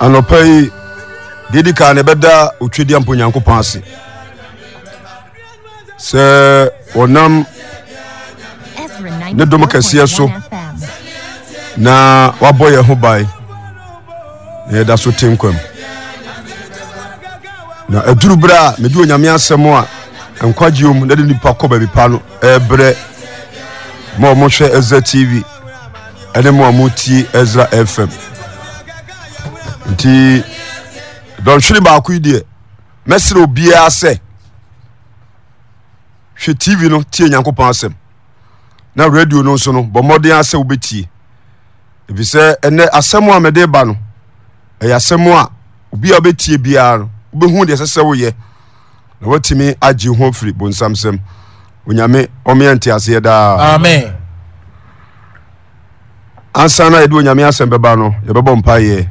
anɔpa yi deɛ di kaa na ɛbɛda otwedeɛ mpo nyankopɔn ase sɛ ɔnam ne dom kɛseɛ so na wabɔ yɛn ho ban na yɛda so te nkwa na aduru berɛ a mede onyame asɛm a nkwagyeɛ na de nipa kɔ baabi pa no ɛbrɛ ma ɔmohwɛ ɛzra tv ɛne ma ɔmotie ɛzra fm nti dɔnhwere baako yi deɛ mɛsrɛ obiara sɛ hwɛ tv no tie nyankopɔn asɛm na radio no nso no bɔ mmɔden asɛ wobɛtie ɛfiri sɛ ɛnɛ asɛm a mede ba no ɛyɛ asɛm a obi a wobɛtie biara no wobɛhu deɛ ɛsɛ sɛ woyɛ na woatumi agye ho firi bonsamsɛm onyame ɔmeɛ nte aseɛ daa amen ansa na a yɛde onyame asɛm bɛba no yɛbɛbɔ mpayɛ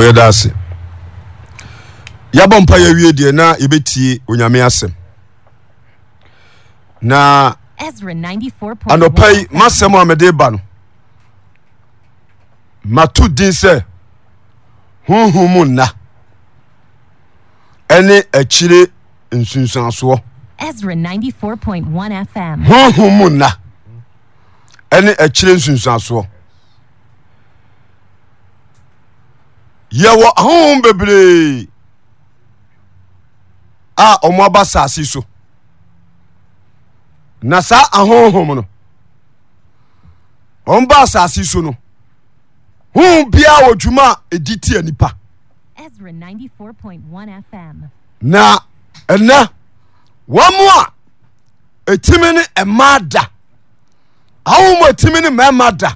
yɛdase yɛabɔ mpa yɛawie deɛ na yɛbɛtie onyame asɛm na anɔpa yi m'asɛm a mede ba no mato din sɛ hohum mu nna ɛne akyire nsunsuasoɔhm nna ɛne akyerɛ nsunsuasoɔ yɛwɔ ahonhom bebree a ɔmoaba sase so na saa ahonhom no ɔm ba asase so no honh biara wɔdwuma a ɛdi ti anipa na ɛna wamo a ɛtumi ne ɛma da ahohomɔ atimi no mama da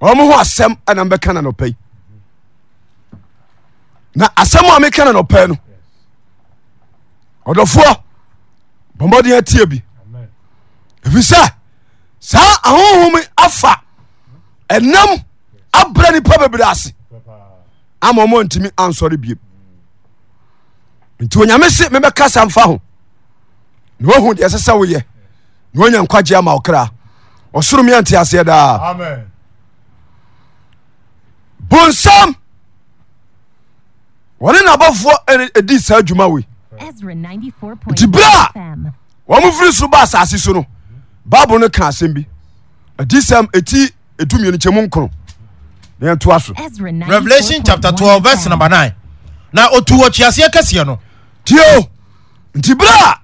ɔmoho asɛm namɛkananɔpɛ a asɛmamekananɔpɛ no ɔdɔfoɔ bɔɔden atia bi ɛfi sɛ saa ahohom afa ɛnam abra nipa bebrase mamɔantimi ansɔre bim nti onyame se mebɛka sɛmfa ho nawu deɛ sɛsɛwyɛ na yankaemakra ɔsorome anteaseɛ daa bonsam wɔne nabɔfofoɔ dii saa adwuma weinti bere a wɔmfiri soro baa asase so no bible no ka asɛm bi adisɛm ɛtɛkyɛm nkoɛtoa sor9 na ɔtu wɔ teaseɛ kɛseɛ no ntio nti bere a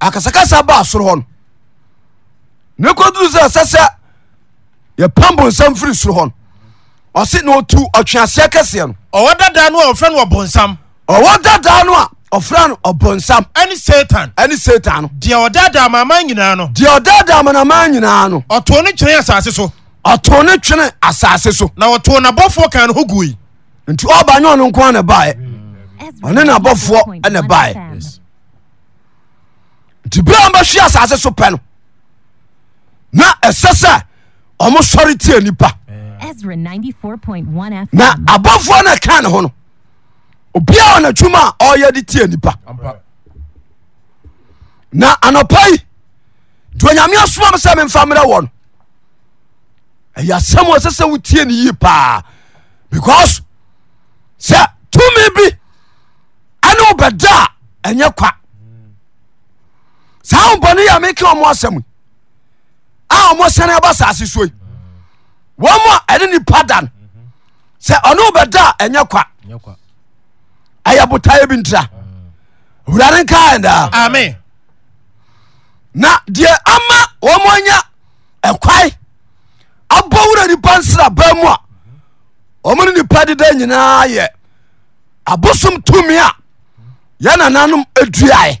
akasakasa baa soro hɔ no ne koduru sɛ ɛsɛ sɛ yɛpambo nsam firi soro hɔ no ɔse na ɔtu ɔtweaseɛ kɛseɛ no ɔwɔ dadaa no a ɔfrɛ no ɔbonsam ɔwɔ dadaa no a ɔfrɛ no ɔbonsam ɛne satan ɛne satan no deɛ ɔdaadaa amanaman nyinaa no deɛ ɔdaadaa amanaman nyinaa no ɔtoo no kyerɛ asase so ɔtoo no twene asase so na ɔtoo n'abɔfoɔ kan no ho gui nti ɔba nyɛ ɔno nko a ne baeɛ ɔne n'abɔfoɔ ne baeɛ nti bere a mbɛhwe asase so pɛ no na ɛsɛ sɛ ɔmo sɔre tie nipa na abɔfoɔ no ɛka ne ho no obiaa ɔnatwuma a ɔyɛ de tie nipa na anɔpa yi nti onyame asoma m sɛ memfa mmerɛ wɔ no ɛyɛ asɛm ɛsɛ sɛ wotie ne yie paa because sɛ tumi bi ɛne wobɛda a ɛnyɛ kwa saa wobɔne yɛ meke ɔmo asɛm yi a wɔmɔ sɛne abɔ sase si wɔma ɛne nipa da n sɛ ɔne bɛdaa ɛnyɛ kwa ɛyɛ botaeɛ bi ntra owurane nkadaa na deɛ ama wɔma ɔnya ɛkwae abɔ wura nipa nsera ba mu a ɔmo no nipa deda nyinaa yɛ abosom tumi a yɛ nananom duaaɛ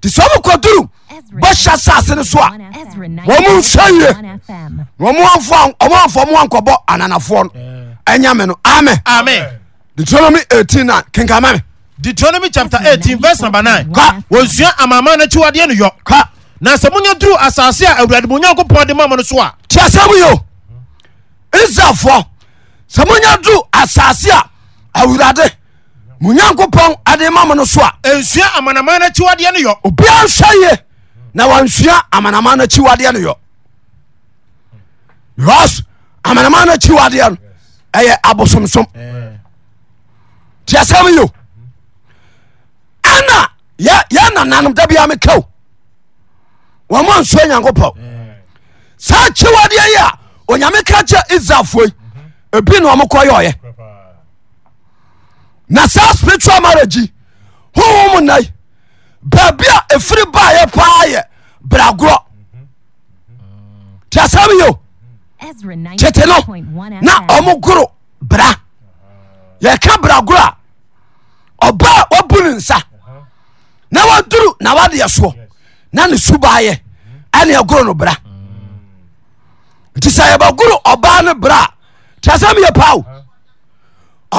nti sɛ ɔmokɔduru bɔhyɛ sase no so a wɔmo nsɛ yie ɔmo amfa mo ankɔbɔ ananafoɔ no ɛnya me no Amen. ame deuteronomy 18 na kenkama me deuteronomy chapter 18 verse number 9 ka wɔnsua amama no akyiwadeɛ no yɔ ka na sɛ monya duru asase a awurade mo nyankopɔn de ma mo no so a tia sɛ mo yo israelfoɔ sɛ monya duru asase a awurade monyankopɔ ade ma mono soa nsuaaiɛnoy obia saye na wansua amanaman iwadɛ noy baus amanamano i wdɛn yɛ abososo tiasɛmyo anayananan aiam ka amo ansua yankpɔ sa kyiwadeɛ yea onyame kake isafi bina ɔmkɔ yɛyɛ na saa spiritual marriage hohom nai baabi a ɛfiri baayɛ paa yɛ bragorɔ nti asɛm yo tete no na ɔmo goro bra yɛka bragorɔ a ɔba a wabu ne nsa na waduru na wadeɛ soɔ na ne su baayɛ ɛne ɛgoro no bra nti sɛ yɛbɛgoro ɔbaa no bra a nti asɛm yɛ paa o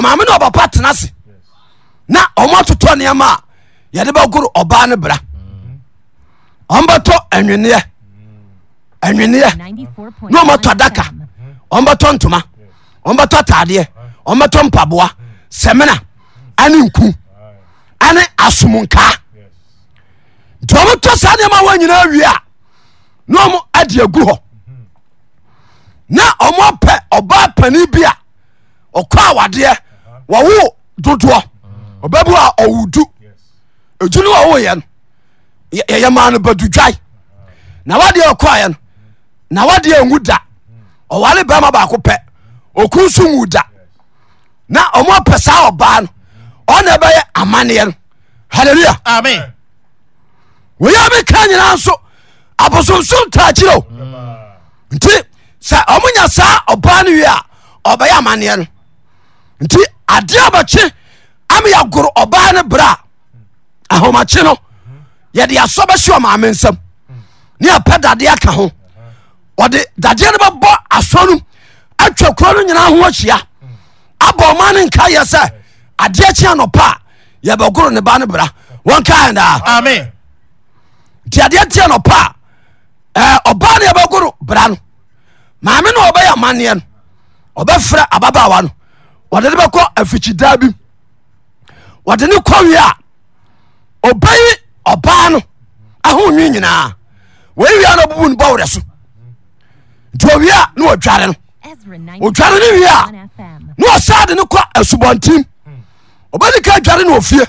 ɔmaame ne ɔbapa tena se na ɔmo atotɔ nneɛma a yɛde bɛgoro ɔbaa no bra ɔmbɛtɔ anweneɛ anweneɛ na ɔmatɔ adaka ɔmbɛtɔ ntoma ɔmbɛtɔ ataadeɛ ɔmbɛtɔ mpaboa sɛmina ane nku ane asomunkaa nti ɔmotɔ saa nneɛma wɔ nyinaa wie a na ɔmo ade agu hɔ na ɔmo apɛ ɔbaa pani bi a ɔkɔ awadeɛ wɔwo dodoɔ ɔbɛbu a ɔwodu ɛdu no wɔwoyɛ no yɛyɛ maa no badudwae na wadeɛ ɔkɔyɛ no na wadeɛ nwu da ɔware bɛma baako pɛ oku nso wu da na ɔmo pɛ saa ɔbaa no ɔna ɛbɛyɛ amanneɛ no halleluya wɔyɛ meka nyinaa nso abosonsom taakyirɛ nti sɛ ɔmo nya saa ɔbaa no wie a ɔbɛyɛ amanneɛ no nti adeɛ bɛkye ameyɛgoro ɔbaa no brɛ a ahomakye no yɛde yɛsɔ bɛhye ɔmaame nsam ne yɛpɛ dadeɛ aka ho ɔde dadeɛ no bɛbɔ asɔ nom atwa kuro no nyinaa ho ahyia abɔ ɔma no nka yɛ sɛ adeɛ kyea nɔpa a yɛbɛgoro ne ba no bra wɔnka ɛndaa nti adeɛ kyea nɔpa a ɔba no yɛbɛgoro bra no maame no ɔbɛyɛ amanneɛ no ɔbɛfrɛ ababaawa no ɔde ne bɛkɔ afikyidaa bi mu wɔde ne kɔwie a ɔbɛyi ɔbaa no ahonwi nyinaa wɔiwia no ɔbubu no bɔwerɛ so nti owie a na wɔdware no odware no wie a na ɔsaa de no kɔ asubɔntem ɔbɛdi ka dware no ofie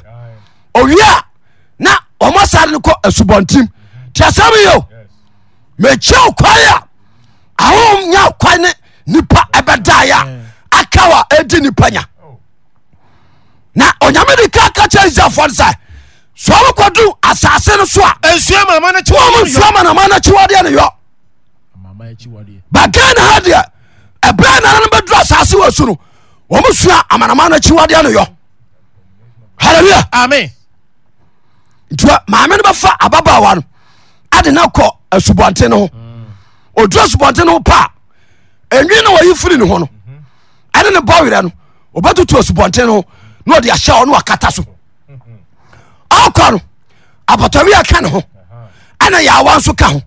owie a na ɔmɔ saa de no kɔ asubɔntem nti asɛm yio mekyɛw kwae a ahom nya kwae ne nipa ɛbɛdaeɛ a aka wa ɛdi nipa nya na onyame de ka ka kyerɛ israelfoɔ no sɛ so wokɔdu asase no so a nsua manama no akyiwadeɛ ne yɔ baga na ha deɛ ɛberɛ nana no bɛduru asase wɔ asu no wɔm sua amanama no akyiwadeɛ ne yɔ halleluya amen nti maame no bɛfa ababaawa no ade na kɔ asubɔnten no ho mm. ɔduru asubɔnten no ho paa ɛnwi na wɔyi firi ne ho no mm-hmm. ɛne ne bɔ werɛ no ɔbɛtoto asubɔnten no ho na ɔde ahyɛ hɔ no wakata so ɔkɔ no apɔtɔwia ka ne ho ɛna yaawa nso ka ho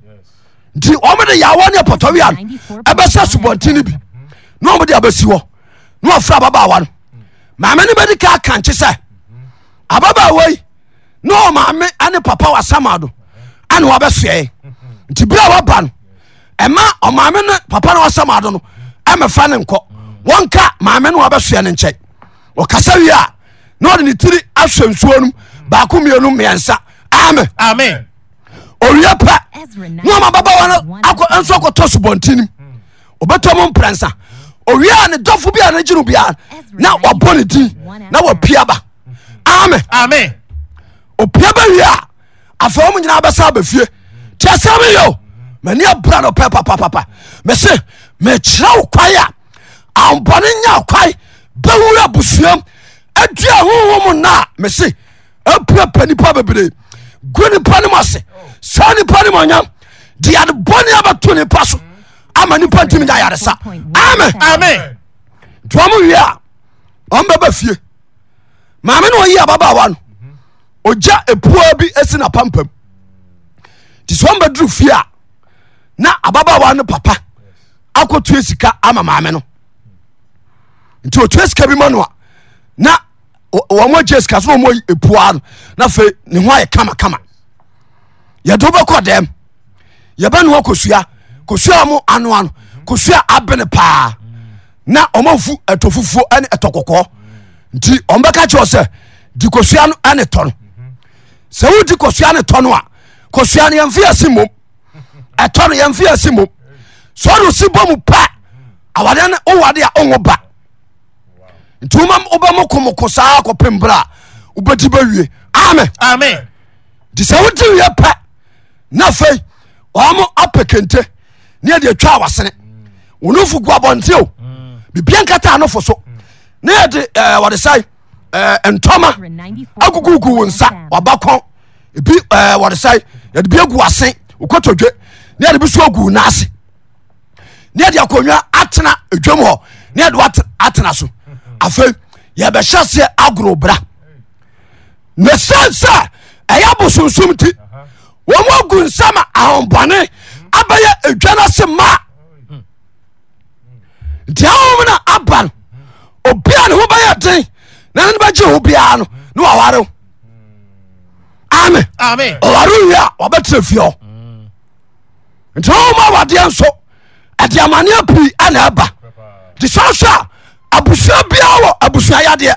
nti ɔmode yaawa ne apɔtɔwia no ɛbɛsɛ subɔnten no bi na ɔmode abɛsi hɔ na ɔfrɛ ababaawa no maame ne bɛdi ka ka nkye ababaawa yi na ɔmaame ne papa wasama do ane wabɛsoɛe nti bere a waba no ɛma ɔmaame ne papa no wasama do no ɛmɛfa ne nkɔ wɔnka maame ne wabɛsoɛ ne nkyɛn okasa wea nene tiri ass ekra kw yakwa bhr busuam adua hohom na mese pupa nipa bebee unipa nemsesanipa nemyam deadbone abato nipa so ama nipa ntimiyayre sam tom wee a mbaba fie maameno oyi ababawano oya apua bi asina papam tiso mbaduro fie na ababawano papa akt sika ama mameno nti otua sika bi ma no a na wɔma gye sika so na ɔmɔ pua no na afei ne ho ayɛ kamakama yɛde wobɛkɔ dɛm yɛbɛne hɔ kosua kosua mo anoa no kosua abene paa na ɔmafu ɛtɔ fufuo ne ɛtɔ kɔkɔɔ nti ɔmbɛka kyerɛ sɛ di kosua no ne tɔ no sɛ wodi kosua ne tɔ no a kosua no yɛmfe yɛsi mmom ɛtɔ no yɛmfe yɛsi mmom sɛ ɔde osi bɔ mu pa awade no wowade a ɔwo ba ntiwoma wobɛ mo komoko saa kɔpem berɛ a wobɛdi bɛwie ame nti sɛ wote wiɛ pɛ na afei ɔmo apɛ kente ne yɛde atwa awasene wɔne fo guabɔnteo mm. bibia nkata nofo so ne yɛde eh, wɔde sɛe eh, ntɔma agugugu wo nsa ɔba kɔn ebi eh, wɔde sɛe yɛde bi agu ase wokɔtɔdwe ne yɛde bi so agu n'ase ne yɛde akonnwa atena edwam hɔ ne yɛde atena so afei yɛbɛhyɛ seɛ agorɔ bra na sɛne sɛ ɛyɛ bɔ sonsom ti wɔmwagu nsɛm a ahombane abɛyɛ edwano se maa nde awomna aba no obia no wo bɛyɛ den nan bɛkye hɔ biara no na wware ame ɔware wi a wabɛtera fieɔ nti oma wadeɛ nso ɛde amanea pii ane ɛba de sasoa abusua bia wɔ abusua yadeɛ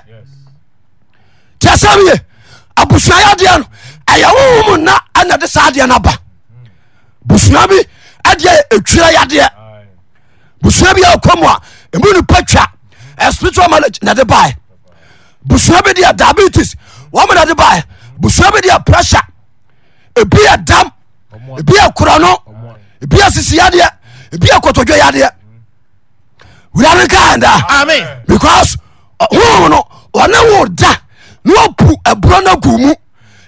teɛ sɛmye abusua yadeɛ no ɛyɛ wowom na nade sa adeɛ no aba busua bi deɛ twira yadeɛ busua biakma u nepa twa spritual malagea bsa dɛdabtesprussiaɛon iɛ sisiyɛ iɛkdoɛ wurade kaanda because uh, hohom no ɔne wo da na wapu aburɔ no agu mu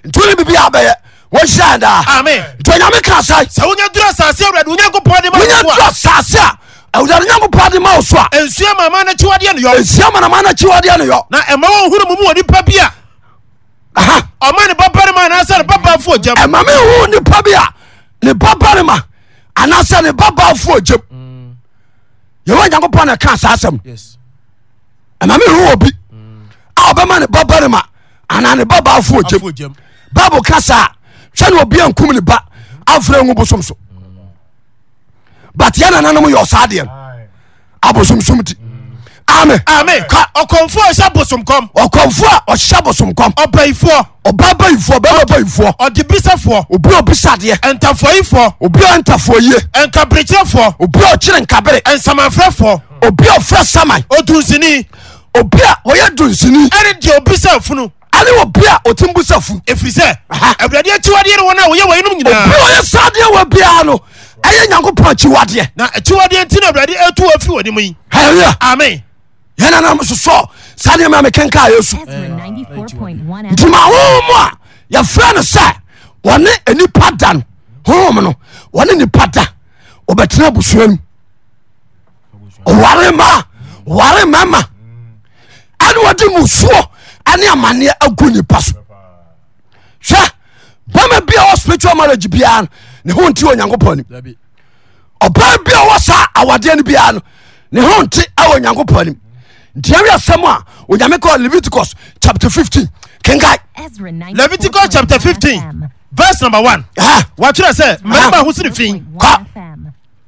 nti wone bibi abɛyɛ wɔhyɛ daa nti onyame ka sae sɛ wonya duru asase awurade onyankopɔn de ma wonya duru asase a awurade nyankopɔn de ma wo so a nsua mama no akyiwadeɛ no yɔ nsua manama no akyiwadeɛ no yɔ na ɛma wɔhunu mu mu wɔ nipa bi a ɔma ne babarima anaasɛ ne babafo gyam ɛma me hu nipa bi a ne babarima anaasɛ ne babafo gyam yɛwɔ nyankopɔn ne ka saa sɛm ɛmame ho wɔ bi mm. a ɔbɛma ne babarema anaa ne baba afo gyam bible ka saa hwɛ ne obia nkum ne ba afrɛ ngu bosom so mm. but yɛ nananom yɛ ɔsaa deɛ no abosomsom ti mm amen. amen ka ɔkɔnfo a ɔhyɛ bosomkɔm. ɔkɔnfo a ɔhyɛ bosomkɔm. ɔbɛyifoɔ. ɔbɛbɛyifoɔ bɛbɛbɛyifoɔ. ɔdibisafoɔ. obi a obisadeɛ. ntafɔyifoɔ. obi a ntafɔyie. nkabirikyerɛfoɔ. obi a ɔkyerɛ nkabere. nsamanfrɛfoɔ. obi a ɔfrɛ saman. odunsini. obi a ɔyɛ dunsini. ɛne deɛ obisa funu. ɛne obi a o busa funu. efiri sɛ awurade akyiwadeɛ ne wɔn a wɔyɛ wɔn enum nyinaa. obi a ɔyɛ sadeɛ wɔ biara no ɛyɛ nyankopɔn akyiwadeɛ. na akyiwadeɛ nti na awurade atu wɔ fi wɔ ne mu yi. hallelujah. amen. hɛnanamsoso saa nemamekenkas ntimahomu a yɛfrɛ no sɛ ɔne nipa da a aremama aneade musuo ane amaneɛ agu nipa so sɛ bama biawsprital maage bnyankpɔn ɔba biaw sa awadeɛ no biaa no ne hote w nyankopɔn ntiawe asɛm a onyame kɔ leviticus chapter 15 kenkae leviticus chapter 15 verse number 1 wɔatwerɛ sɛ mmarima ho sene fi kɔ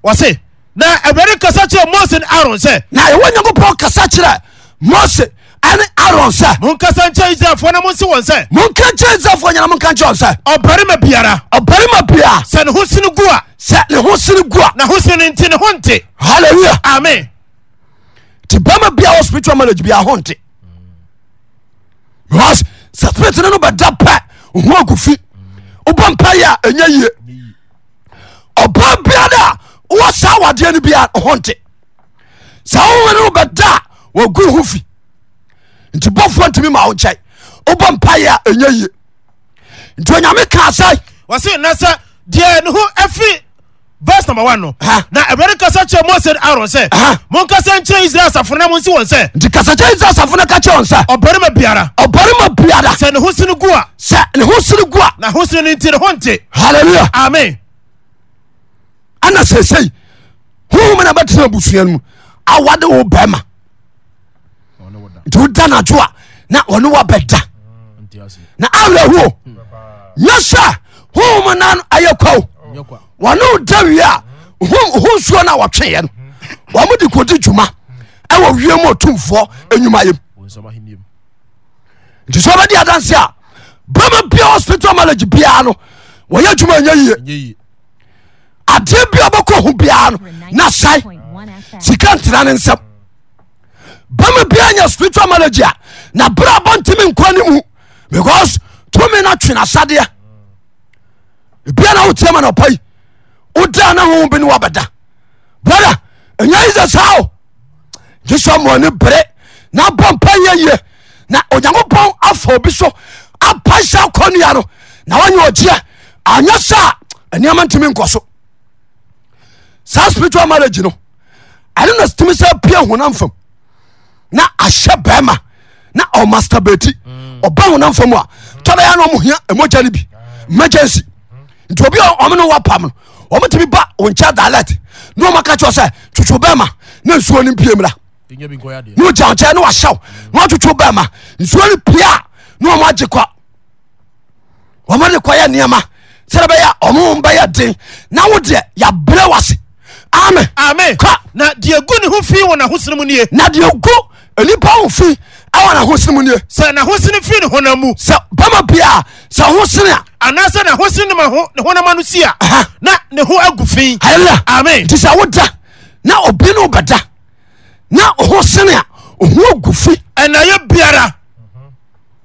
wɔse na awurade kasa kyerɛ mose ne aaron sɛ na ɛwɔ nyankopɔn kasa kyerɛ mose ɛne aaron sɛ monkasa nkyɛ israelfoɔ na monse wɔn sɛ monka kyerɛ israelfoɔ nyana monka kyerɛ wɔn sɛ ɔbarima biara ɔbarima biara sɛ ne ho sene gu a sɛ ne ho sene gu a na ho sene no nti ne ho nte halleluya amen nti bɛma bia wɔ spiritual manage bia ho nte because sɛ spirit no no bɛda pɛ ho agu fi wobɔ mpa yɛ a ɛnya yie ɔba bia da a wowɔ saa wadeɛ no bia ho nte sɛ wowe no wobɛda a wɔgu ho fi nti bɔfoɔ ntimi ma wo nkyɛe wobɔ mpa yɛ a ɛnya yie nti onyame kaa sɛe wɔse na sɛ deɛ ne ho afiri verse number one no na awurade kasa kyerɛ mose ne aaron sɛ monkasa nkyerɛ israel asafo na monsi wɔn sɛ nti kasa kyerɛ israel asafo no ka kyerɛ wɔn sɛ ɔbarima biara ɔbarima biara sɛ ne ho sene gu a sɛ ne ho sene gu a na ho sene no nti ne ho nte halleluya amen ana seesei honhom na bɛtena abusua no mu awade wo bɛrima nti woda nadwo a na ɔne wabɛda na awerɛhuo hmm. nyɛ sɛ honhom na ayɛ kwaw wɔneo da wie a ho suo noɔeɛ nod dwanti so bɛde adanse a bɛma biasprital manage biaa noyɛwumayie adeɛbiabkɔhu biaanonasae sika ntera no nsɛm bɛma biaa nya sprital manage a nabrɛbɔntimi nkwa ne mu because tm notwenasadeɛanaoni woda na hoho bi ne wabɛda brada ɛnya yi sɛ saa o gye mmɔne bere na abɔ mpa yɛ yie na onyankopɔn afa obi so apa hyɛ akɔnnua no na wanyɛ ɔgyeɛ anyɛ sɛ a nneɛma ntumi nkɔ so saa spiritual marriage no ɛne na tumi sɛ pie honam fam na ahyɛ bɛrima na ɔmastabeti mm. ɔba honam fam a tɔbɛyɛ na ɔmo hia ɛmɔgya no bi emergency nti obi a ɔmo no wapam no ɔmatumi ba onkyɛ dialect ne ɔmaka kyɛ sɛ twotwo bɛma na nsuo no mpie mmra ne ogya nkyɛ ne wahyɛw na watwotwo ma, nsuo no pie a ne ɔma agye kɔ ɔmade kɔyɛ nneɛma sɛdɛ bɛyɛ ɔmo bɛyɛ den na wo deɛ yɛabrɛ amen, ame ame na deɛ ni ne ho fi wɔ n'ahosene mu nie na deɛ gu nipa ho ɛwɔ nahosene mu nie sɛ nahosene fi ne honam mu sɛ bama bia sɛ hosene a anaasɛ nahosene ne ma ho ne honama no si a na ne ho agu fi halleluya amen nti sɛ woda na obi ne wobɛda na hosene a oho agu fi ɛnayɛ biara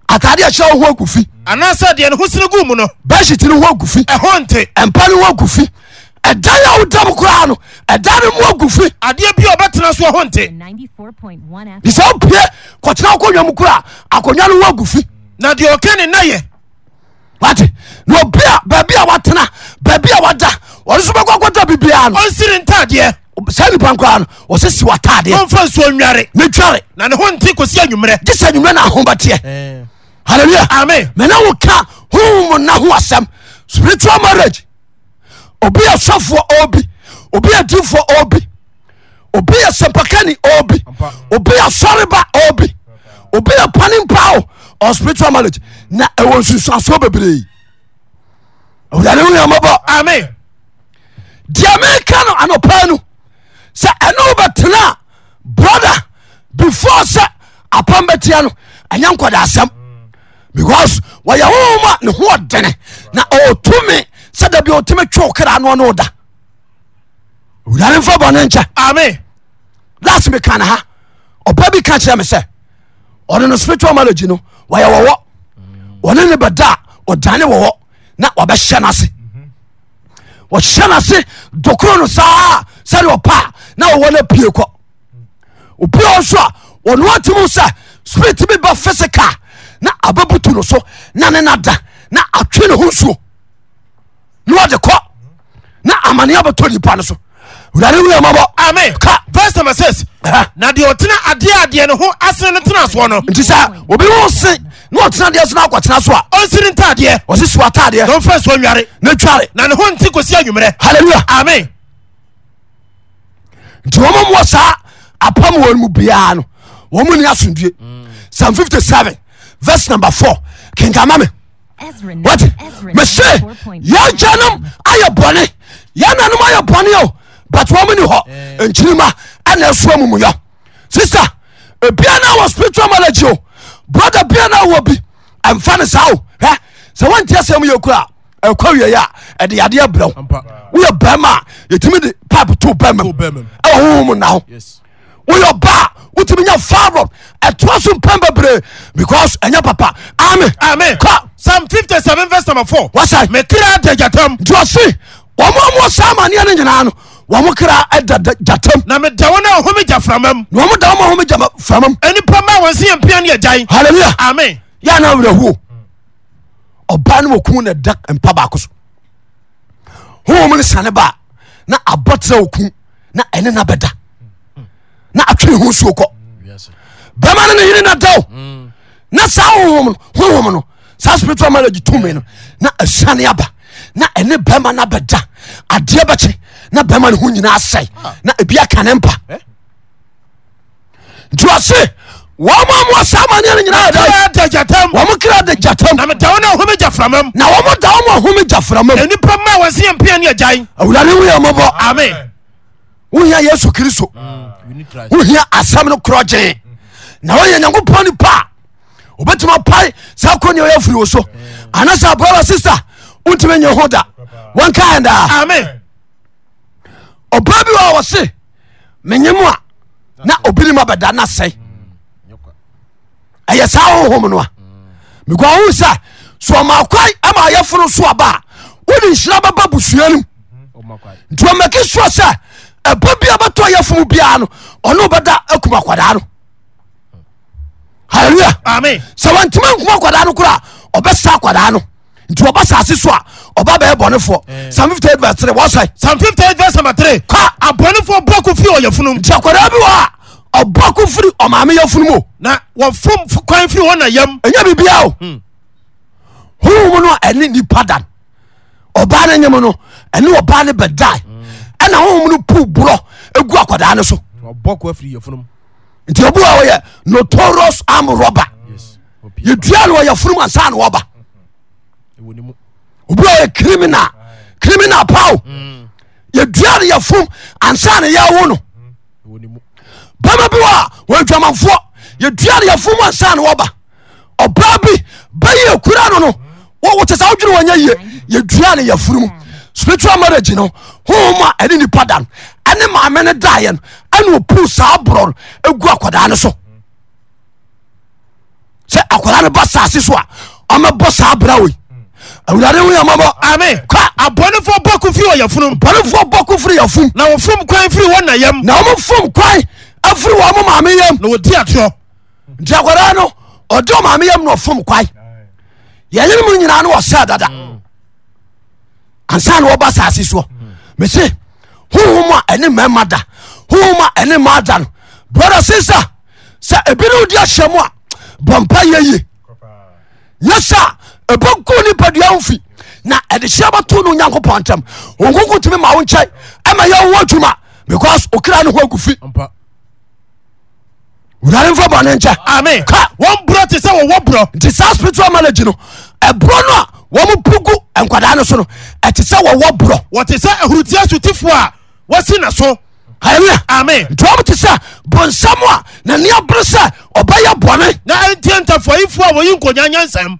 atade ahyɛ wo ho agu fi anaasɛ deɛ ne hosene gu mu no bɛhyete ne ho agu fi ɛho nte ɛmpa ne ho agu fi ɛdan a woda m koraa no ɛda no mu agu fi adeɛ bi a ɔbɛtena so ho nte de sɛ wopie kɔkyena wokɔnwa mu kora akɔnwa no wo agu fi na deɛ ɔka ne nnayɛ wate na obi a baabi a watena baabi a wada ɔno so bɛkɔkɔda bibiaa no ɔnsiri ntadeɛ saa nipa nkora no ɔsɛ si watadeɛ ɔmfa nsuo nware ne tware na ne ho nte kɔsi anwummerɛ gye sɛ anwummerɛ na aho bɛteɛ halleluya amen mɛna woka honhom na ho asɛm spiritual marriage obi yɛ sɔfoɔ obi obi yɛ difo obi obi yɛ sepakani obi obi yɛ sɔreba obi obi yɛ panin pawo or spiritual marriage na ɛwɔ nsusuaso bebree ɔwurade wo yamabɔ amen deɛ meka kano anɔpa no sɛ ɛne wobɛtena a brother before sɛ apam bɛtia no ɛnyɛ nkɔda asɛm because wɔyɛ honhom a ne ho ɔdene na ɔwɔ tumi sɛ da bia ɔtumi twe wo kra no ɔne owurare mfa bɔne nkyɛ ame last me ka ne ha ɔba bi ka kyerɛ me sɛ ɔne no spiritual marriage no wɔyɛ wɔwɔ ɔne ne bɛda a ɔdane wɔwɔ na wɔbɛhyɛ no ase wɔhyɛ no ase dokoro no saa sɛde ɔpa na wɔwɔ no pie kɔ obi ɔ so a ɔnoa tim sɛ spirit bi ba physical na ababutu no so na ne da. na atwe ne ho nsuo na wɔde kɔ na amanneɛ bɛtɔ nipa no so wurade wura mɔbɔ. ami ka verse number six. na deɛ ɔtena adeɛ adeɛ ne ho asen ne tena soɔ no. nti sa obi wo se na ɔtena deɛ so na akɔ tena so a. ɔnsi ne ntaadeɛ. ɔsi so ataadeɛ. na ɔnfɛ so nware. ne tware. na ne ho nti kɔsi anwummerɛ. hallelujah. ami. nti wɔn mu wɔ saa apam wɔn mu biara no wɔn mu ni asundue. psalm fifty seven verse number four kinkama mi. wati mese yɛn kyɛnum ayɛ bɔne yɛn nanom ayɛ bɔne o. but wɔmɔni hɔ nkyirema ne ɛsoa mu muya siste biana wɔ spiritual maag brate banwɔbi mfan sa a ntse mm sa manɛ no nyina no wɔmo kra ɛda gyatam na meda wo no ahome gya framam na wɔmo da wɔma ahome gya framam anipa wọn wɔn se yɛ mpia ne agyae halleluya amen yɛ na awerɛhuo ɔbaa mo kun na da mpa baako so honhom ni sane ba na abɔtera oku na ɛne na bɛda na atwene ho suo kɔ bɛma no ne yere na dao na saa honhom no honhom no saa spiritual marriage tumi no na asiane aba na ɛne na no bɛda adeɛ bɛkye na bɛma ne ho nyinaa sɛe ah. na ebia ka ne mpa eh? nti ɔse wɔmamoa saa maneɛ no nyinaa kra de gyatam na wɔmo da wɔmo ahome gyaframamnipa ma wɔseyɛ mɔbɔ wohia yesu kristo mm. wohia asɛm no korɔ gyee na woyɛ nyankopɔn ne pa obɛtumi pae saa kro kɔnea ɔyɛ afiri wo so anasɛ brɔda sister wontumi nyɛ ho da wɔnkaɛndaa amen ɔbaa bi wa wɔ se menye mu a na obinim abɛda na sɛe mm, ɛyɛ saa honhom no a mm. mekua wohu sɛ so ɔma kwae ama yɛfono so aba a wode nhyira bɛba busua no m mm-hmm. nti ɔmaki soɔ sɛ ɛba bia bɛtɔ yɛfo mu biara no ɔne wobɛda akuma kwadaa no mm. halleluya sɛ wantima nkuma kwadaa no koraa ɔbɛsa kwadaa no nti ɔba saase so a ɔba bɛyɛ bɔnefoɔ sam 58 vs 3 wɔsɛe sam 58 vs 3 ka abɔnefoɔ bɔko firi ɔyɛ funum nti akwadaa bi wɔ a ɔbɔko hmm. hmm. firi ɔmaame yɛ funum na wɔfom kwan firi hɔ na yam ɛnyɛ biribia o honhom no ɛne nipa dan ɔbaa no nyem no ɛne ɔbaa no bɛdae ɛna honhom no pu borɔ ɛgu akwadaa no so nti ɔbu a wɔyɛ notorious am robber yɛdua no ɔyɛ funum ansa na wɔba obi a yɛ kriminal kriminal pao mm. yɛdua ne yafom ansaneyɛwo no mm. bɛma biɔ adwamanfoɔɛanfnsnɔbaɔra bi ɛyɛ ra n nsa wodwnenyeanfum spritual marage no hooma ɛne nipa da n ɛne maamɛ no dayɛno ɛneɔpo saa borɔ gu akadaa ne so sɛ aadaa no basase soaɔmɛɔ saabraei awurade wo yamabɔ. ami ka abɔnifɔ bɔkun firi wɔyɛ funu. abɔnifɔ bɔkun firi yɛ funu. na wɔn fom kwan firi wɔn na yam. na wɔn fom kwan afiri wɔn maame yam. na wɔdi atɔ. nti akwadaa no ɔdi wɔn maame yam na ɔfom kwan yɛyɛ mu nyinaa no wɔsɛ dada ansa na wɔba saase soɔ mese huhum a ɛne mɛma da huhum a ɛne mmaa da no brɔda sisa sɛ ebinom di ahyɛ mu a bɔmpa yɛ yie nyɛ saa ɛbɛgu nipadua wo fi na ɛde hyia bɛto no onyankopɔn ntam ɔnkonko tumi ma wo nkyɛn ɛma yɛ wowɔ adwuma because okra ne ho agu fi wurare mfa bɔne nkyɛ ame ka wɔn borɔ te sɛ wɔwɔ borɔ nti saa spiritual malage no ɛborɔ no a wɔn pugu nkwadaa no so no ɛte sɛ wɔwɔ borɔ wɔte sɛ ahurutia sotifoɔ a wɔsi ne so hallelujah amen ntoma ti sɛ bonsam a n'ani abere sɛ ɔbɛyɛ bɔne na ntiɛ ntafɔyifoɔ a wɔyi nkonya nyansɛm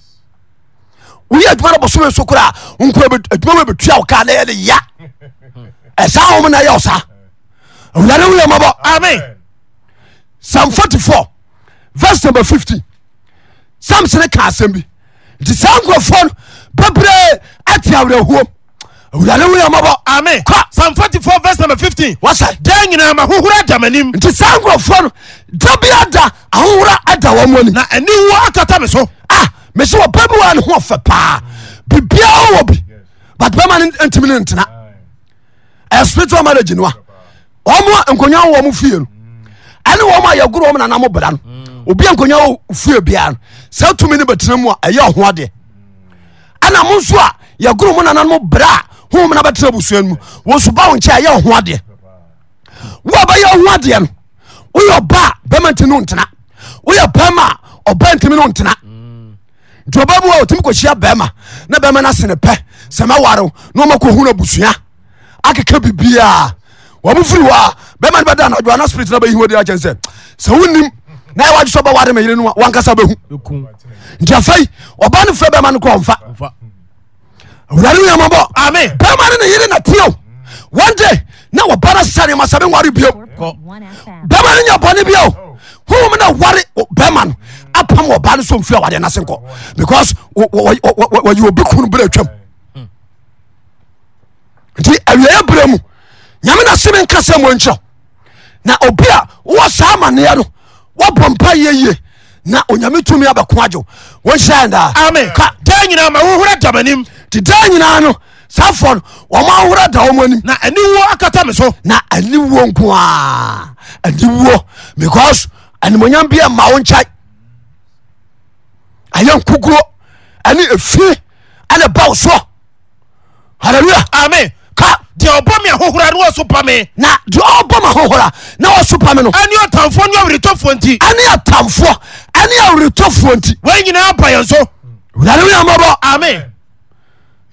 woyɛ adwuma no bosome so kora a adwuma bɛ bɛtua wo kaa na yɛde ya hmm. ɛsaa wom na yɛ ɔsa awurade woyɛ mabɔ amen psalm 44 verse number 50 samson ka asɛm bi nti saa nkurɔfoɔ no bebree ate awerɛhuom awurade woyɛ mabɔ amen kɔ psalm 44 verse number 15 wɔsɛ da nyinaa ma ahohora da m'anim nti saa nkurɔfoɔ no da bi ada ahohora ada wɔn mu ani na ɛne wo akata me so ah, mese wapa in hofe pa bibia wobi bu bma timi no tena sial maag aa m ban fema a bema ne yeri na ti na n banaswarb bema ye bone bi hmn wari bema mpam ɔba no so mfi awadeɛ no ase nkɔ because wɔyɛ obi kun berɛ atwam hmm. nti awieyɛ berɛ mu nyame na seme nka sɛ mmɔ nkyerɛw na obi a wowɔ saa amanneɛ no wɔbɔ mpa yɛyie na onyame tumi abɛko agyew wɔnhyɛ daa amen ka daa nyinaa ma wohora da m'anim nti daa nyinaa no saa fɔ no wɔn ahora da wɔn anim. na aniwuo akata me, so. na aniwuo nko aa aniwuo because animonyam bi ama wɔn nkyɛn ɛyɛ nkoguro ɛne ɛfie ɛne bao soɔ Hallelujah. Amen. ka deɛ ɔbɔ me ahohora ne wɔso pa me na deɛ ɔbɔ me ahohora na wɔso pa me no ɛne ɔtamfoɔ ne aweretɔfoɔ nti ɛne atamfoɔ ɛne aweretɔfoɔ nti wɔn nyinaa ba yɛn so wurade wonya mmɔbɔ ame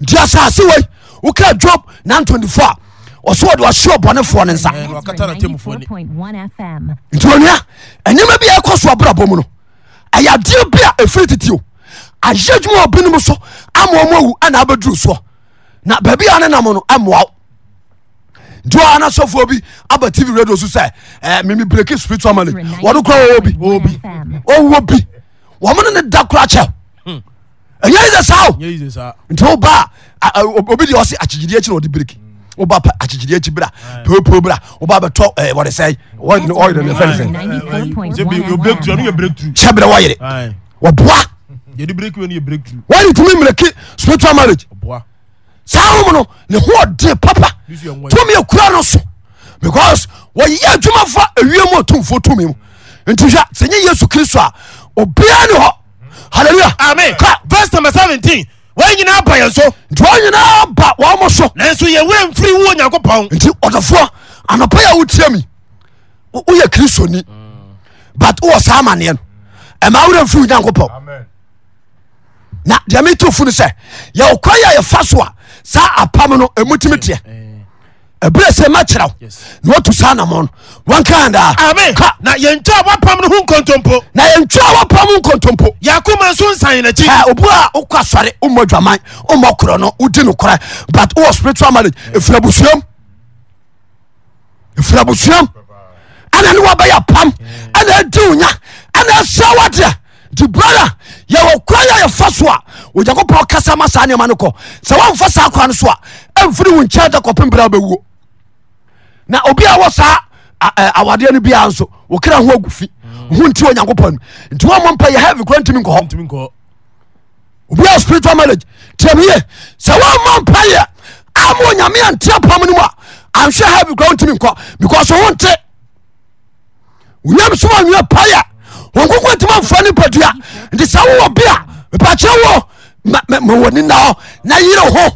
nti asase wei wokra job 924 a ɔsɛ wɔde wɔhyeɛ ɔbɔnefoɔ ne nsa nti onua ɛnyɛma bi a ɛkɔ so abrabɔ mu no ɛyɛdeɛ bi a ɛfiri titio ayɛ dwuma ɔbinom so amoa mu awu ana abɛduru soɔ na baabi a ne nam no ɛmoa wo ntiwaa na sɔfoɔ bi aba tv radio so sɛ meme breki spiritual male wɔde kora wɔwɔ bi ɔwɔ bi wɔmene ne da kora kyɛw ɛnyɛ yi sɛ saa o nti hmm. wobaa obi deɛ ɔse akyegyedeɛ akyi na ɔde breki op akekirik rrhyɛ berɛ yere boar sprial mariage saawomuno ne hoɔde papa tmia kura no so because wɔyɛ adwumafoa awimu tumfo tummu ntiw sɛnye yesu kristo a ɔba nehɔ ale wɔn nyinaa ba yɛn so nti wɔn nyinaa ba wɔn mo so nanso yɛwura mfiri wo onyankopɔn nti ɔdɔfoɔ anɔpa yɛ wotia mi woyɛ kristoni but wowɔ saa amanneɛ no ɛma wura mfiri onyankopɔn na deɛ meto fu no sɛ yɛwɔ kwa yɛ yɛfa so a saa apam no ɛmutimi teɛ brɛa sɛ ma kyerɛ na wotu saa nam n wkad na yɛnta wpam ho nkntmpo eh, obu a woka sare woma dwaman oma korono wodi no kora but wowɔ spritual manage ɛfrabua ɛfrabsuam ane ne wabɛyɛ pam ane adi wonya anesɛwadeɛ nte brathe yɛwo kora yɛyɛfa soa onyankopɔn kasa ma saa nneɛma no kɔ sɛ womfa saa kwa no so a ɛmfiri wo nkyɛn da bra bɛwuo na obia wɔ saa awadeɛ no biara nso wokra ho agu fi ho nti onyankopɔn mu nti wamɔ mpa yɛ heavy kora ntimi nkɔhɔ hɔ obia spiritual marriage tiamye sɛ wamɔ mpa yɛ ama onyame antea pam no mu a anhwɛ heavy kora ntimi nkɔ because ho nte onyam soma nwea payɛ wɔnkoko ntimi amfa padua nti sɛ wowɔ bia mepakyerɛ wo mewɔ ni na hɔ na yere ho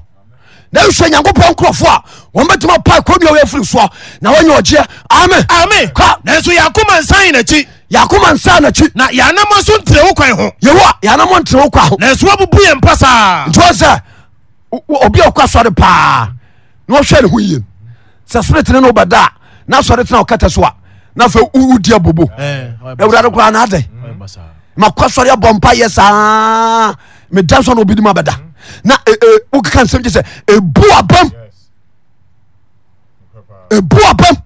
na nhwɛ nyankopɔn nkurɔfoɔ a wɔn bɛtumi pa kodua wo afiri soɔ na wɔnyɛ ɔgyeɛ ame ame ka nanso yɛakoma nsan n'akyi yɛakoma nsan n'akyi na yɛanamɔ nso ntere wo kwan ho yɛwɔ a yɛanamɔ ntere wo kwan ho nanso wabubu yɛn mpa saa nti wɔ sɛ obi a ɔkɔ asɔre paa na ɔhwɛ ne ho yie sɛ spirit ne no bɛda a na asɔre tena ɔkɛtɛ so a na afei wodi abobo na eh, awurade koraa na adɛn makɔ asɔre abɔ mpa yɛ saa meda so na obi nim abɛda na e, e, wokeka nsɛm kye sɛ ɛbu abam ɛbu abam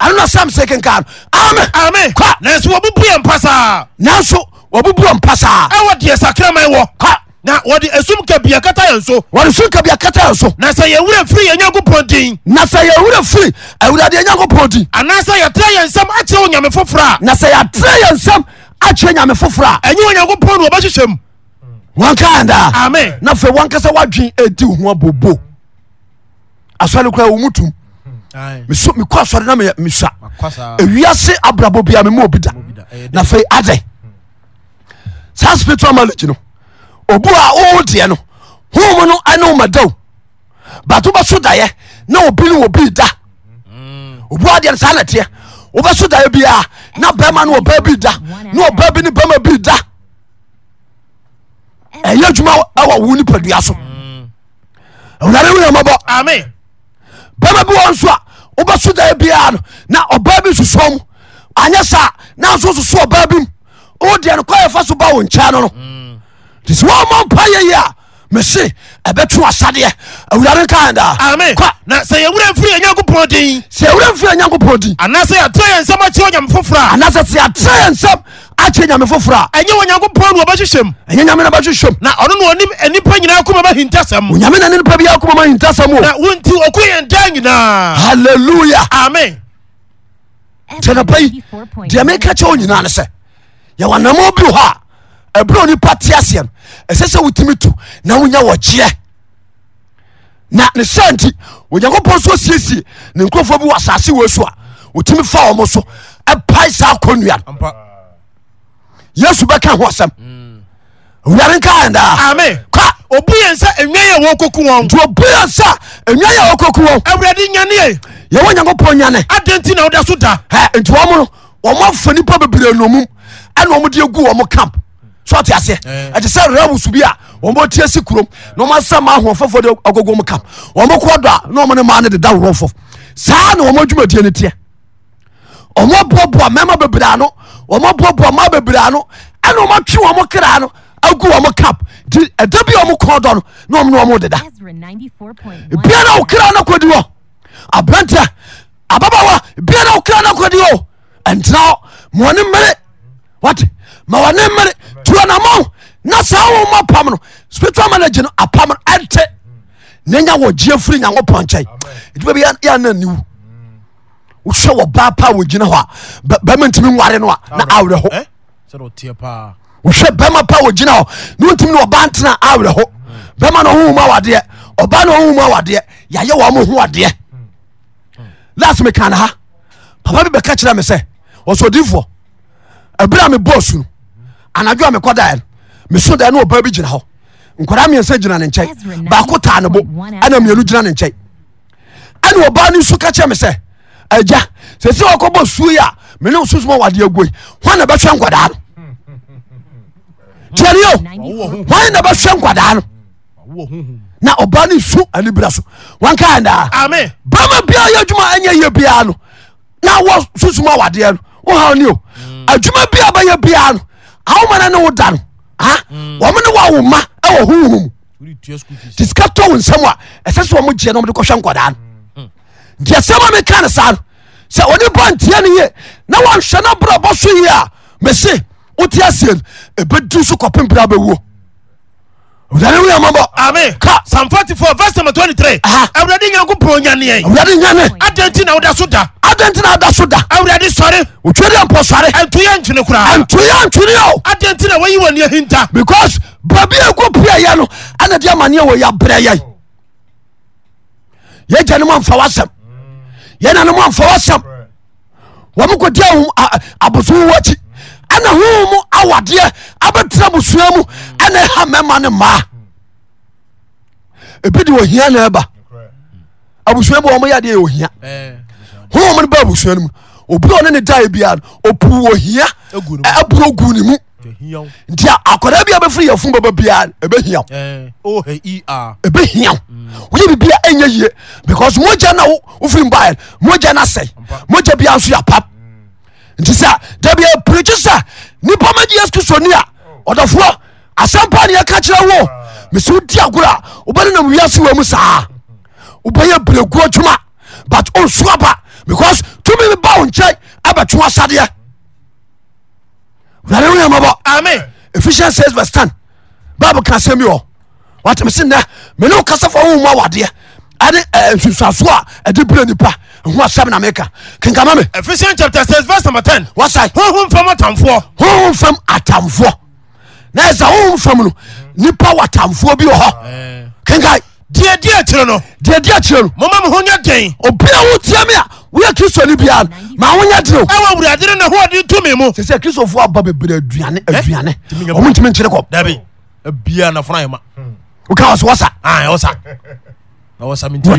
ɛno na sam sɛ kenka no ame kɔ nanso wɔbubuɛ mpa saa nanso wɔbubuɛ mpa saa ɛwɔ deɛ sakraman wɔ kɔ na wɔde esum kabia kata yɛn so. wɔde esum kabia kata yɛn so. na sɛ yɛn wura firi yɛn nyanko pɔn din. na sɛ yɛn wura firi awuraden nyanko pɔn din. anaasɛ yɛtira yɛn nsɛm akyerɛ onyame foforɔ a. na sɛ yɛtira yɛn nsɛm akyerɛ nyame foforɔ a. ɛnyɛ onyame pɔn na wɔbɛhyehyɛ mu wkadaa na afei wankasɛ woadwen ɛdi wo ho abobo asɔre koraa wɔ mu tum hmm. kwa asɔre na mesa ewiase abrabɔ bia me ma obi da na afei adɛn hmm. saa spiritual marriage no obu a wowo deɛ no homu no ɛne wo madao but wobɛso daeɛ na obi no obi da hmm. obua deɛ na saa na teɛ wobɛso daeɛ biaa na bɛrima no ɔbaa bi da na ɔbaa bi ne bɛrima bi da ɛyɛ adwuma ɛwɔ wo nipadua so awurade wonamɔbɔ bɛma bi wɔ nso a wobɛso da biara no na ɔbaa bi susɔ mu anyɛ saa nanso soso ɔbaa bi mu wodeɛ no kɔyɛfa so ba wo nkyɛn no no nti sɛ wɔmmɔ mpa yɛyi a mese ɛbɛto asadeɛ awurade nkadaa ame sɛ yɛwura mfiri onyankopɔn din sɛ yɛwura mfiri onyankopɔn din anaasɛ yɛatrɛ yɛ nsɛm akyerɛ onyame foforɔ a anaasɛ sɛ yɛatrɛ yɛ nsɛm akyerɛ nyame foforɔ a ɛnyɛ onyankopɔn na wɔbɛhyehyɛ ɛnyɛ nyame no bɛhyehyɛ na ɔno na ɔnim nnipa nyinaa koma ma hintasɛm onyame na ne nipa biaa koma ma hintasɛm o na wonti ɔko yɛ nda nyinaa halleluya amen ntɛnapa yi deɛ meka kyɛ wo nyinaa ne sɛ yɛwɔ namɔ bi hɔ a ɛberɛ onipa te aseɛ no ɛsɛ sɛ wotumi to na wonya wɔkyeɛ na e ne sa nti onyankopɔn so asiesie ne nkurɔfoɔ bi wɔ asase wɔ so a wɔtumi fa wɔ mo so ɛpae saa kɔnnua no yesu bɛka ho asɛm awurade nka ɛndaa ka obu yɛn sɛ wɔn. nti obu yɛn sɛ wɔn. awurade nyane yɛwɔ nyankopɔn nyane. adan na ɔda so da. ɛ nti wɔn mo no wɔn afa nipa bebree na ɛna ɔmo de egu wɔn camp sọọti aseɛ ɛti sɛ rɛmusu bi a wɔn bɛ tie si kurom na wɔn asam ahoɔfɛfo de agogo mu kam wɔn bɛ kɔ do a na wɔn ne maa ne deda worɔfo saa na wɔn adwumadie ne teɛ wɔn aboaboa mɛma bebree ano wɔn aboaboa mmaa bebree ano ɛna wɔn atwi wɔn kra ano agu wɔn cap ti ɛda bi a wɔn kɔn no na wɔn ne wɔn deda ebien na okra na kɔ di hɔ aberanteɛ ebien na okra na kɔ di hɔ ɛntina hɔ mmiri wati ma wɔne mmere tuanamɔ na saa woma pam no spiritual manager no apam no ɛnte na nya wɔ gyea firi nyankopɔn nkyɛn ɛduma bi yɛana ne wu hmm. wohwɛ wɔ baa paa wɔgyina hɔ a bɛma ntimi nware no a na awerɛ ho eh? wohwɛ bɛma paa wɔgyina hɔ ne wontimi ne ɔba ntena awerɛ ho hmm. bɛma na ɔhohom awadeɛ ɔba na ɔhohom awadeɛ yɛayɛ wɔ mo ho adeɛ hmm. last meka ha papa bi bɛka kyerɛ me sɛ ɔsɛ odifoɔ ɛberɛ a mebɔɔ su no anadwoa mekɔ dano meso dɛa na ɔbaa bi gyina hɔ nkwadaa miɛsa gyina no kyɛ baako tanbo nmnnanekyɛɛ aaɛɛa ɛ awomana ne wo da no mm. wɔmene woawo ma ɛwɔ hohom mu nti sika tɔ wo nsɛm a ɛsɛ sɛ wɔmo gyeɛ no ɔmde mm. kɔhwɛ nkɔdaa no nti ma a meka ne saa no sɛ ɔne bɔ ntia no ye na wanhwɛ no borɔ bɔ so yie a mese wote asie no ɛbɛdu so kɔpempere abɛwuo wúdàdí wúyà mọ bọ. ami ka psalm forty four verse number twenty three. awurade nyanko pɔn nyaneɛ. awurade nyaneɛ. adanti na awuda so da. adanti na awuda so da. awurade sɔre. otwere mpɔ sɔre. antuya ntwene kura. antuya ntwene o. adanti na wɔyi wɔn yɛ hinta. because baabi a ko pia yɛ no ɛna di amaneɛ wɔ yɛ abirɛ yɛ. yɛ gya ne mu anfa wasɛm. yɛ na ne mu anfa wasɛm. wɔn ko di abosom wɔ akyi. ɛna huhu mu awadeɛ abɛtera busua mu ɛne ha mɛma ne maa ebi de ohia na ɛba abusua bi wɔn mo ohia wɔn mo ba abusua no mu obi a ɔne ne da ebia no opu ohia aburo gu ne mu nti akwadaa bi a bɛfiri yɛ fun bɛbɛ bia ebɛhia ebɛhia woyɛ bibi a ɛnyɛ yie because mogya na wofiri mbaayɛ mogya na sɛ mogya bia nso yɛ apam nti sɛ dabi apirikyi sɛ nipa ma gye yesu kristu a ɔdɔfoɔ asɛmpa ne yɛka kyerɛ wo mesɛ wodi agorɔ a wobɛne nam wiase wɔ mu saa wobɛyɛ berɛguo dwuma but ɔnsu aba because tumi me ba wo nkyɛn abɛtwe asadeɛ wurade wo yɛmɔbɔ amen ephesians 6 verse 10 bible ka asɛm bi wɔ watemi se nnɛ mene wo kasa fa womu awadeɛ ade nsusuasoɔ a ɛde berɛ nipa ho asɛm na meka kenkama me ephesians chapter 6 verse number 10 wasae honhom fam atamfoɔ honhom fam atamfoɔ na ɛsɛ wohu fam no nipa watamfoɔ bi wɔ hɔ kenkae deɛ di akyire no deɛ di akyire no mama mo ho nyɛ den obi a wotia me a woyɛ kristoni bia no ma wonyɛ dene o ɛwɔ awurade no na hoɔde tumi mu sɛ sɛ kristofoɔ aba bebree aduane aduane ɔmo ntumi nkyere kɔ dabi abia nafona yɛma woka wɔ so wɔsa ah, wɔsa wɔte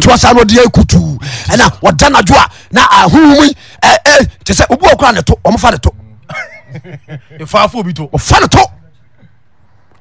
wasa no ɔde yɛ kutuu ɛna wɔda nadwo a na ahohom yi te sɛ obi wɔ kora ne to ɔmofa ne to ɔfa ne to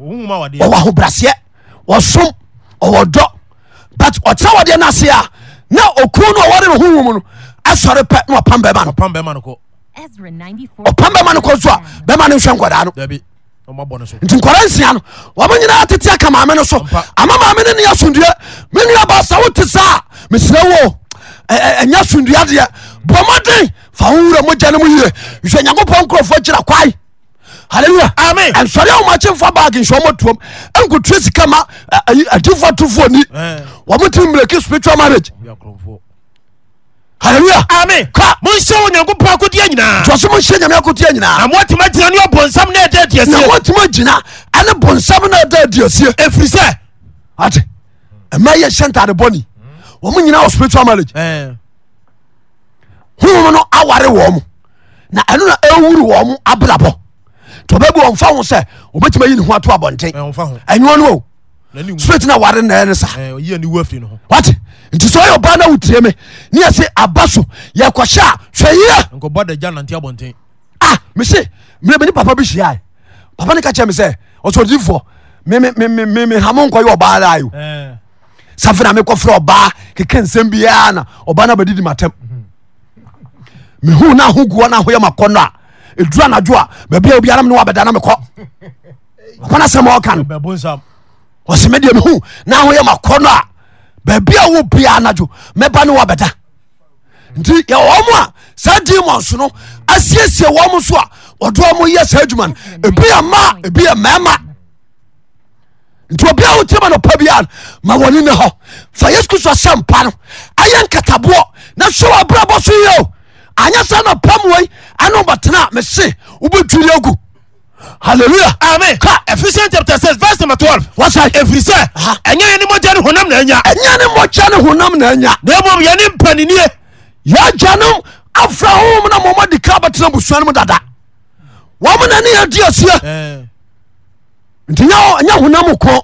ɔwɔ ahobraseɛ ɔsom ɔwɔ dɔ but ɔtena wɔdeɛ no ase a na okuo no ɔwɔde no honhom no asɔre pɛ na ɔpam bɛma no ɔpam bɛma no kɔ so a bɛma no nhwɛ nkɔdaa no nti nkɔra nsia no wɔmo nyinaa tete aka maame no so ama maame no ne asomdua me nua ba sa wote saa mesrɛ wo ɛnyɛ asomdua deɛ bɔ mmɔden fa wo wura mogya no mu yie hwɛ nyankopɔn nkurɔfoɔ kyira kwae halleluya amen ɛnsɔre a wɔn akyɛnfo baagi nsɔn wɔn tuom ɛnko tue sika ma ayi adifo atufo ni wɔn ti mmiriki spiritual marriage halleluya amen ka mo n ṣe Onyankopɔn akodiya nyinaa jɔsi mo n ṣe Nyame akodiya nyinaa na mo tuma gyina ni ɔbɔnsam na ɛda adiɛsie na mo tuma gyina ɛne bɔnsam na ɛda adiɛsie efiri sɛ ati ɛmɛ yɛ hyɛ ntaade bɔni wɔn nyinaa wɔ spiritual marriage huhum no aware wɔn na ɛno na ewuru wɔn abalabɔ. tbab faose obetumi yinehoto abotiyonstn wresais banwtem s baso yka she sse ni papa bs papaas hamb s mofrba kee sebdimtemo ɛdura nadwo a baabia obiara m ne wabɛda na mekɔ ɔpana sɛ ɔka no ɔsɛme deɛ mehu na hoyɛ makɔ no a baabia wo biaa nadwo mɛba ne wabɛda nti yɛwɔ mo a saa demons no asiesie wɔ mo so a ɔdoɔ mo yɛ saa adwuma no ebi yɛ mmaa ebi yɛ mmarima nti obia wo tirima no pa bia ma wɔne ne hɔ fa yesu kristo asɛmpa no ayɛ nkataboɔ na hwɛ wɔ abrabɔ so yɛ o anyɛ sɛ na pam wei ɛne wɔbɛtena mese wobɛdwiri agu hallelujah amen ka ephesians chapter six verse number twelve wasa sɛ ɛnyɛ ni ni honam na enya ɛnyɛ ni ni honam na enya na emu yɛn ni mpaninie yɛagya afra na di ka busua mu dada wɔn mu na yɛ di asie eh. nti nyɛ kɔn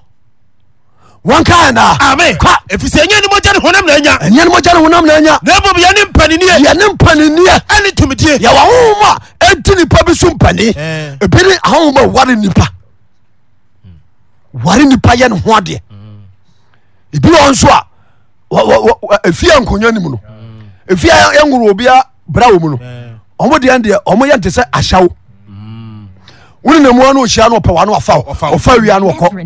wɔnka ɛnaa ame ka ɛfisɛ ɛnyɛ nimɔgya ne honam na anya ɛnyɛ nomɔgya ne honam na anya na mmom yɛne mpaninniɛ yɛne mpaninniɛ ɛne tumidie yɛwɔ ahohom a ɛdi nipa bi so mpani eh. ebi ne ahohom a ware nipa ware nipa yɛ ne ho adeɛ hmm. ebi wɔ nso a ɛfie nkonya nim no ɛfie yɛnworo obia bra wɔ mu no hmm. eh. ɔmo deɛ deɛ ɔmo yɛ nte sɛ ahyawo wone namua no ɔhyia no ɔpɛ wa no afa ɔfa awia no ɔkɔ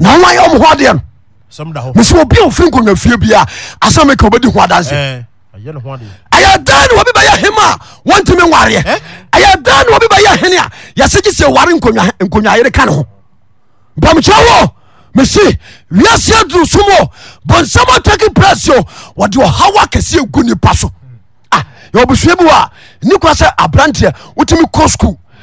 na wayɛ ɔmo hɔ adeɛ no mesɛ obi a ɔfiri nkonnwa fie bia asɛ meka wobɛdi ho adanse ɛyɛ eh, dan ne wɔbi bɛyɛ hem a wɔntumi nwareɛ ɛyɛ eh? dan ne wɔbi bɛyɛ hene a yɛsɛ gye sɛ ware nkonnwayere ka ne ho mpamekyerɛ wɔ mese wiase aduru som o bonsam ataki press o wɔde ɔhaw akɛseɛ gu nipa so ah, yɛwɔ busua bi wɔ a nni sɛ aberanteɛ wotumi kɔ school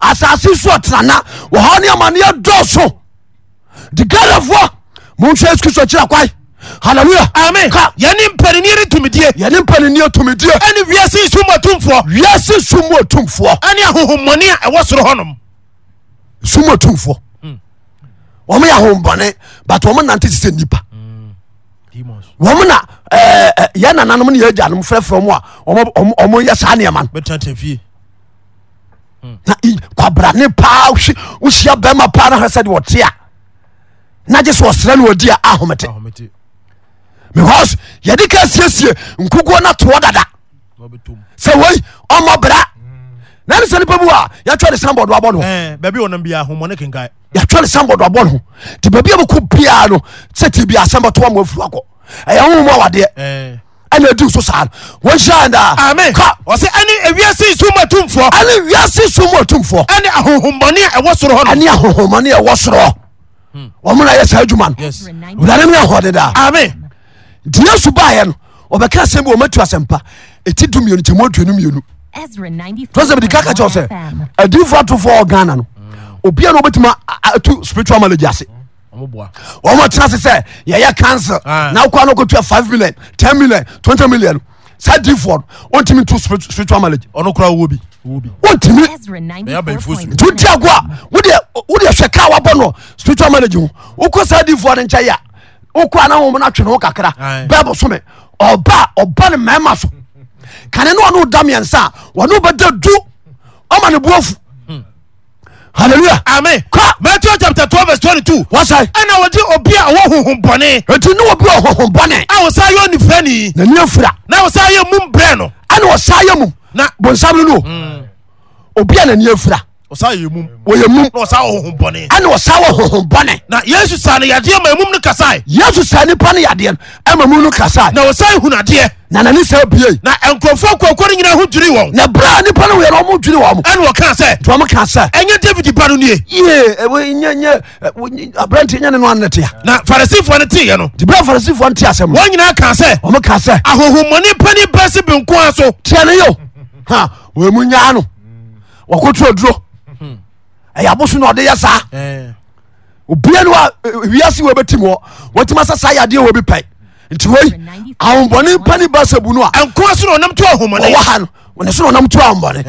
asase so ɔtenana wɔha ne amaneɛ dɔso nti gadafoɔ monhwɛ yesu kristo kyerɛ kwae hallelujah amen ka yɛne mpanini ne tumidie yɛne mpanini atumidie ɛne wiase sum atumfoɔ wiase sum atumfoɔ ɛne ahohommɔne a ɛwɔ soro hɔnom sum atumfoɔ wɔn yɛ ahohommɔne but wɔn nante sɛ nipa wɔn na ɛɛ eh, eh, yɛn nananom ne yɛn agyanom frɛfrɛ mu a wɔn yɛ saa nneɛma no kabra ne paa wosyia bama paa ahasɛdewɔtea na ye soɔserɛ no wadia ahomete because yɛde ka siesie nkokuo notoa dada sɛ wei ɔmabra nane sɛ nipa eh, bi a saɔ babi ak bia o stbastamofakɛyɛomwdeɛ ɛna ɛdi so saa no wɔnhyira ndaa amen ka ɔsɛ ɛne ewiase suma tumfoɔ ɛne wiase suma tumfoɔ ɛne ahohommɔne a ɛwɔ soro hɔ no ɛne ahohommɔne a ɛwɔ soro hmm. wɔn na yɛ saa adwuma no wulade mi ahoɔden daa amen nti suba baayɛ no ɔbɛka asɛm bi wɔn atu asɛmpa eti du mmienu kyɛn mu aduonu mmienu tọ́sẹ̀ bìí ká kàkyɛw sɛ adiifoɔ atofoɔ ɔghana no obiara na obetuma atu spiritual knowledge ase wɔn tena se sɛ yɛyɛ council na wokɔ no kɔtua five million ten million twenty million saa difoɔ no ɔntumi to spiritual mileage ɔno kora wɔ bi wɔntumi nti wodi ago a wodeɛ hwɛ ka wabɔ no spiritual mileage ho wokɔ saa difoɔ no nkyɛ yɛ a wokɔ ana wom no atwe ne wo kakra bible so me ɔba ɔba ne mmarima so kane ne ɔne woda miɛnsa a wɔne wobɛda du ɔma ne boafu hallelujah amen kɔ matthew chapter twelve verse twenty two wasa ɛna wɔdi obi a ɔwɔ huhun bɔnɛ etu ni obi a huhun bɔnɛ a wɔsa yɛ onifirɛ ni na ni efura na wɔsa yɛ mu brɛ no ɛna wɔsa yɛ mu na bɔnsam hmm. ninu obi a na ni efura ɔsa yɛ mum wɔyɛ mum na ɔsa wɔ honhom bɔne ɔsa wɔ honhom na yesu saa no yadeɛ ma mum no kasae yesu saa nipa no yadeɛ no ɛma mum no kasae na ɔsan hunu adeɛ na nane saa bie na nkurɔfoɔ kuakuo no nyina ho dwiri wɔn na berɛ a nipa no wɔyɛ no ɔmo dwiri wɔn ɛna wɔka sɛ nti ɔmo ka sɛ ɛnyɛ david ba no nie yee nyɛ ne no anene tea na farisifoɔ no teeɛ no nti berɛ a farisifoɔ no te asɛm wɔn nyinaa ka sɛ ɔmo ka sɛ ahohommɔne pani bɛse benkoa so teɛ no yo ha wɔmu nyaa no wɔkotoɔ duro ɛyɛ aboso na ɔde yɛ saa obia no a wiase wɔ bɛtim hɔ wɔtumi sɛ saa yadeɛ wɔ bi pɛ nti wei ahombɔne pani basa bu no a ɛnkoa so na ɔnam to ahomɔne wɔ ha no ne so na ɔnam to ahombɔne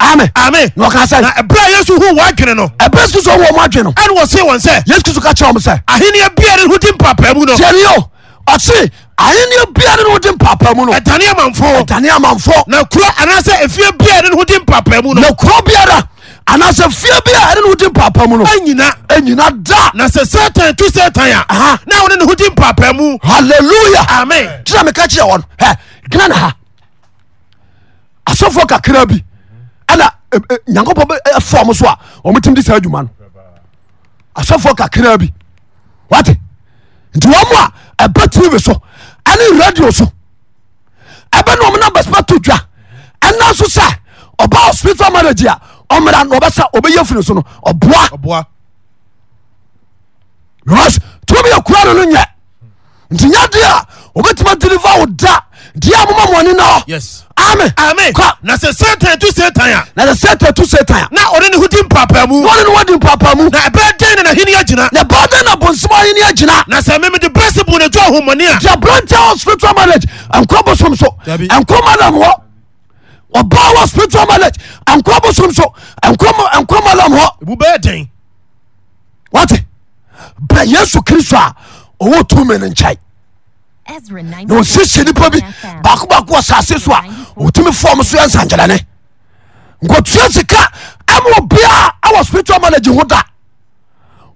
ame ame na ɔka sɛ ɛberɛ a yesu huu wɔ adwene no ɛberɛ yesu kristo wɔ mo adwene no ɛne wɔsee wɔn sɛ yesu kristo ka kyerɛ wɔm sɛ ahenneɛ bia ne ho di mpapaa mu no tiɛneyɛ ɔse ahenneɛ bia ne ho di mpapaa mu no ɛdane amanfoɔ ɛdane amanfoɔ na kuro anaasɛ ɛfie bia ne ho di mpapaa mu no na kuro biara anasɛ fie bi a ɛne ne wodi mpapa mu no anyina anyina da na sɛ satan tu satan a na wone ne ho di mpapa mu halleluya amen kyerɛ meka kyerɛ wɔ no ɛ gyina na ha asɔfoɔ kakra bi ɛna e, e, nyankopɔn ɛfɔ mo so a ɔmotimi de saa adwuma no asɔfoɔ kakra bi wate nti wɔ mo a ɛbɛ tv so ɛne radio so ɛbɛ na ɔmo na bɛsɛbɛ to dwa ɛna so sɛ ɔba hospital marriage a ɔmmra na ɔbɛsa ɔbɛyɛ firi so no ɔboa because tumi yɛ kura no no nti nya deɛ a obɛtumi deliver wo da deɛ a moma mɔne na hɔ ame na sɛ satan tu satan a na sɛ satan tu satan a na ɔne ne ho di mpapa mu ɔne ne ho di mpapa mu na ɛbɛyɛ dɛn na n'ahene agyina na ɛbɛyɛ dɛn na bonsɛm ahene agyina na sɛ meme de brɛse bu ne dwa ahomɔne a deɛ aberante a spiritual marriage ɛnkɔ bosom so ɛnkɔ madam ɔba wa spiritual marriage ankɔ bosom so ankɔ malam hɔ ebu bɛyɛ den wate bɛ yesu kristo a ɔwɔ tumi no nkyɛe na ɔsiesie nnipa bi baako baako wɔ sase so a ɔtumi fɔm so yɛ nsankyerɛne nkɔtua sika ama obiaa awɔ spiritual marriage ho da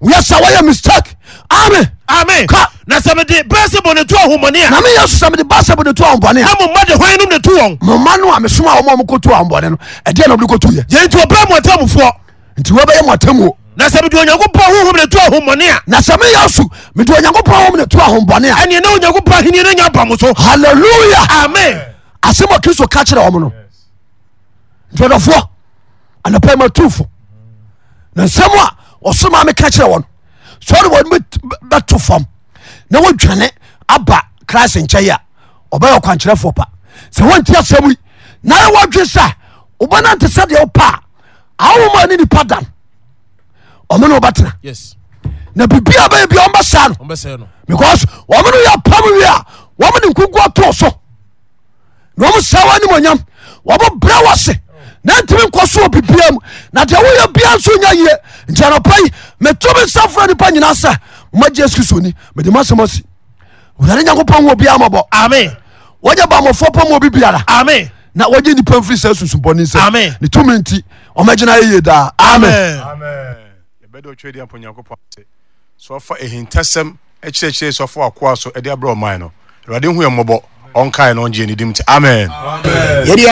woyɛ sa wɔyɛ mistake ame ame ka na sɛ mede baseball ne to ahomɔne a na meyɛ so sɛ mede baseball ne to ahomɔne a na momma de hwan nom ne to wɔn moma no a mesoma a wɔma mokɔto ahomɔne no ɛdeɛ na mode kɔtoyɛ yɛnti wɔbrɛ mɔtamufoɔ nti wɔbɛyɛ mɔtamuo na sɛ mede onyankopɔn honhom ne to ahomɔne a na sɛ meyɛ so mede onyankopɔn honhom ne to ahomɔne a ɛneɛ na onyankopɔn ahenni no nya ba mo so halleluya amen asɛm a kristo ka kyerɛ ɔm no nti ɔdɔfoɔ anapa ma tumfo na nsɛm a ɔsoma meka kyerɛ wɔ no sɛ ɔde wɔn bɛto fam na wodwane aba christ nkyɛe a ɔbɛyɛ ɔkwankyerɛfoɔ pa sɛ wonti asɛm yi nara wɔdwe sɛ wobɛna nte sɛdeɛ wopaa awowoma ne nipa dan ɔmo ne wobɛtena na bibia bɛyɛ bia ɔmbɛsɛe no because ɔmo no yɛ pam wie a wɔmo ne nkunkua too so na ɔmo sɛ wɔ animonyam wɔmo brɛ wɔ se na ntimi nkɔ so wɔ bibia mu na deɛ woyɛ bia nso nya yie nti anɔpa yi meto me nsa frɛ nipa nyina sɛ omagye suku soni medemasɛmsi ade nyankopɔn wubia mɔbɔ ame waya ba mɔfoɔ pɔmɔbi biaraa na waye nipo fri sa susupɔnens ne tuminti ɔmɛgyina ɛyedaaɛdwdnyakopɔ sfa hintasɛm kyerɛkerɛsufaakoa so de brɛma node uɔbɔɔka no yn imti amen